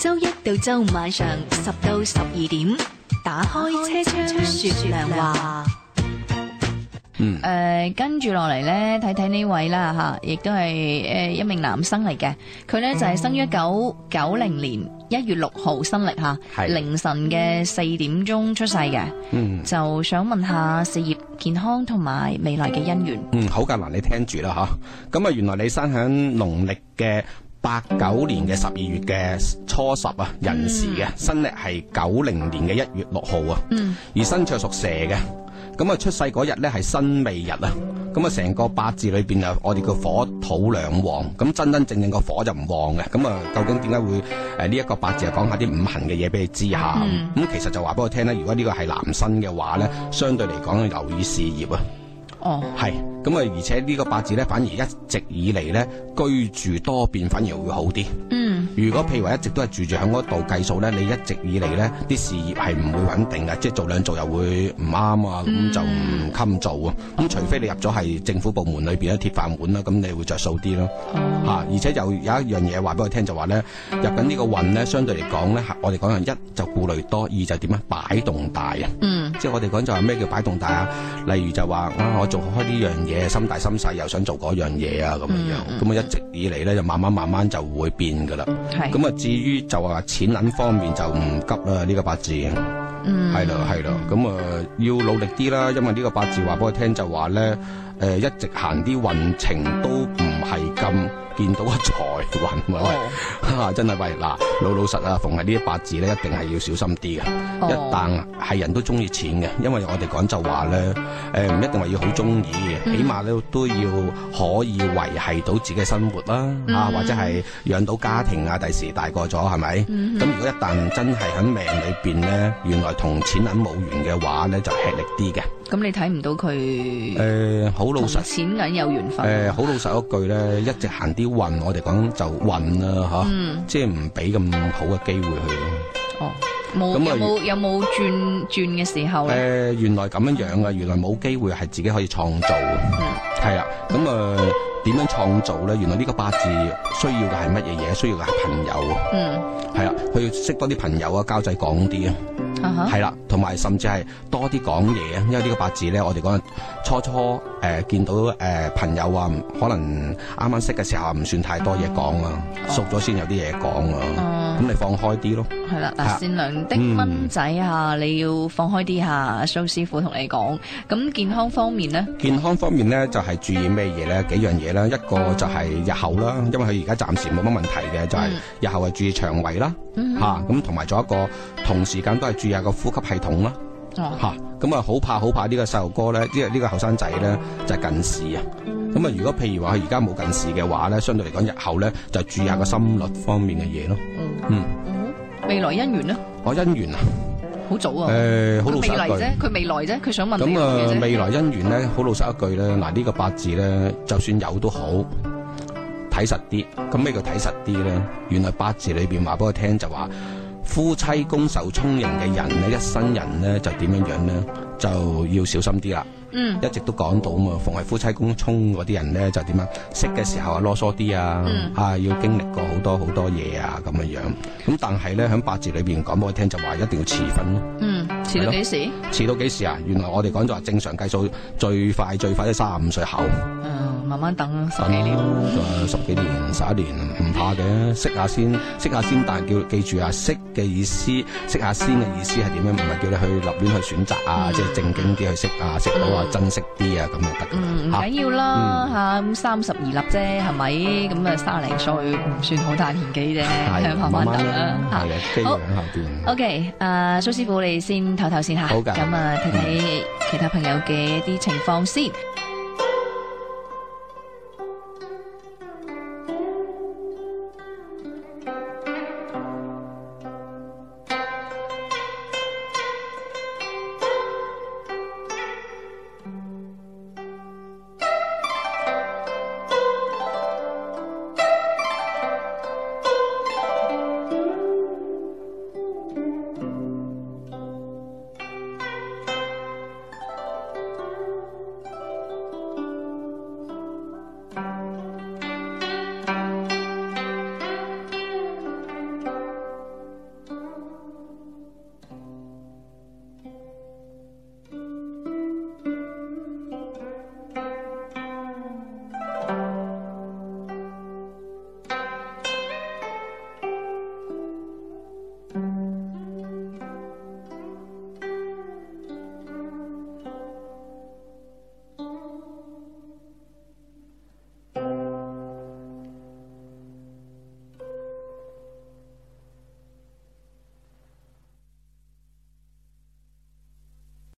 周一到周五晚上十到十二點，打開車窗說亮話。嗯。誒、呃，跟住落嚟咧，睇睇呢位啦吓，亦都係誒一名男生嚟嘅。佢咧就係、是、生於一九九零年一月六號新歷吓，嗯、凌晨嘅四點鐘出世嘅。嗯。就想問下事業、健康同埋未來嘅姻緣。嗯，好噶，嗱，你聽住啦吓。咁啊，原來你生響農曆嘅。八九年嘅十二月嘅初十啊，人士嘅，是的嗯、的是新曆係九零年嘅一月六號啊，而生肖屬蛇嘅，咁啊出世嗰日咧係辛未日啊，咁啊成個八字裏邊啊，我哋叫火土兩旺，咁真真正正個火就唔旺嘅，咁啊究竟點解會誒呢一個八字啊講下啲五行嘅嘢俾你知下，咁、嗯、其實就話俾我聽咧，如果呢個係男生嘅話咧，相對嚟講留意事業啊。哦，係，咁啊，而且呢個八字咧，反而一直以嚟咧居住多變，反而會好啲。嗯，mm. 如果譬如話一直都係住住喺嗰度計數咧，你一直以嚟咧啲事業係唔會穩定嘅，即係做兩做又會唔啱啊，咁、mm. 就唔襟做啊。咁、oh. 除非你入咗係政府部門裏邊嘅鐵飯碗啦，咁你會着數啲咯。吓、oh. 啊，而且又有一樣嘢話俾我聽、就是，就話咧入緊呢個運咧，相對嚟講咧，我哋講樣一就顧慮多，二就點樣擺動大啊。Mm. 即係我哋講就係咩叫擺動大啊？例如就話啊，我做開呢樣嘢，心大心細，又想做嗰、嗯嗯、樣嘢啊，咁樣樣。咁啊，一直以嚟咧，就慢慢慢慢就會變噶啦。咁啊是，至於就話錢銀方面就唔急啦，呢、這個八字。嗯，係咯係咯。咁啊、呃，要努力啲啦，因為呢個八字話俾我聽就話咧，誒、呃，一直行啲運程都唔係咁。見到個財運，真係喂。嗱老、哦啊、老實啊！逢係呢啲八字咧，一定係要小心啲嘅。哦、一旦係人都中意錢嘅，因為我哋講就話咧，誒、呃、唔一定話要好中意，嗯、起碼都都要可以維係到自己嘅生活啦、啊，嗯、啊或者係養到家庭啊。第時大個咗係咪？咁、嗯嗯、如果一旦真係喺命裏邊咧，原來同錢銀冇緣嘅話咧，就吃力啲嘅。咁你睇唔到佢誒好老實，同錢銀有緣分誒、啊、好、呃、老實一句咧，一直行啲運我哋講就運啦吓，嗯、即係唔俾咁好嘅機會去咯。哦，冇有冇就有冇轉轉嘅時候咧？誒、呃，原來咁樣樣噶，原來冇機會係自己可以創造。嗯，係啦，咁啊。點樣創造咧？原來呢個八字需要嘅係乜嘢嘢？需要嘅係朋友、啊。嗯。係啦，佢、啊、要識多啲朋友啊，交仔講啲啊。啊哈。係啦、啊，同埋甚至係多啲講嘢啊，因為呢個八字咧，我哋講初初誒、呃、見到誒、呃、朋友啊，可能啱啱識嘅時候唔算太多嘢講啊，熟咗先有啲嘢講啊。哦、啊。咁、啊、你放開啲咯。係啦，嗱，善良的蚊仔啊，你要放開啲吓、啊，蘇師傅同你講。咁健康方面咧？健康方面咧，就係、是、注意咩嘢咧？幾樣嘢。咧，一個就係日後啦，因為佢而家暫時冇乜問題嘅，就係日後啊注意腸胃啦，吓，咁同埋做一個同時間都係注意下個呼吸系統啦，吓咁啊好怕好怕呢個細路哥咧，即係呢個後生仔咧就係近視啊！咁啊，如果譬如話佢而家冇近視嘅話咧，相對嚟講日後咧就注意下個心率方面嘅嘢咯。嗯嗯，嗯未來姻緣咧？我姻緣啊？好早啊！佢未來啫，佢未來啫，佢想問你咁啊未來姻緣咧，好老實一句咧，嗱、嗯、呢，呢、個八字咧，就算有都好睇實啲。咁咩叫睇實啲咧？原來八字裏邊話俾我聽就話，夫妻宮受沖刑嘅人咧，一生人咧就點樣樣咧。就要小心啲啦，嗯、一直都講到嘛，逢係夫妻宮沖嗰啲人咧就點樣啊？識嘅時候啊囉嗦啲啊，啊要經歷過好多好多嘢啊咁嘅樣。咁但係咧喺八字裏邊講俾我聽，就話一定要遲婚、啊嗯、咯。嗯，遲到幾時？遲到幾時啊？原來我哋講就話正常計數最快最快都三十五歲後。嗯嗯。慢慢等啊，十年十幾年、十一年唔怕嘅，識下先，識下先，但係叫記住啊，識嘅意思，識下先嘅意思係點樣？唔係叫你去立亂去選擇啊，即係正經啲去識啊，識到啊，珍惜啲啊，咁啊得。唔緊要啦，嚇，咁三十二粒啫，係咪？咁啊，三零歲唔算好大年紀啫，慢慢等啦。好，OK，阿蘇師傅你先唞唞先嚇，咁啊睇睇其他朋友嘅啲情況先。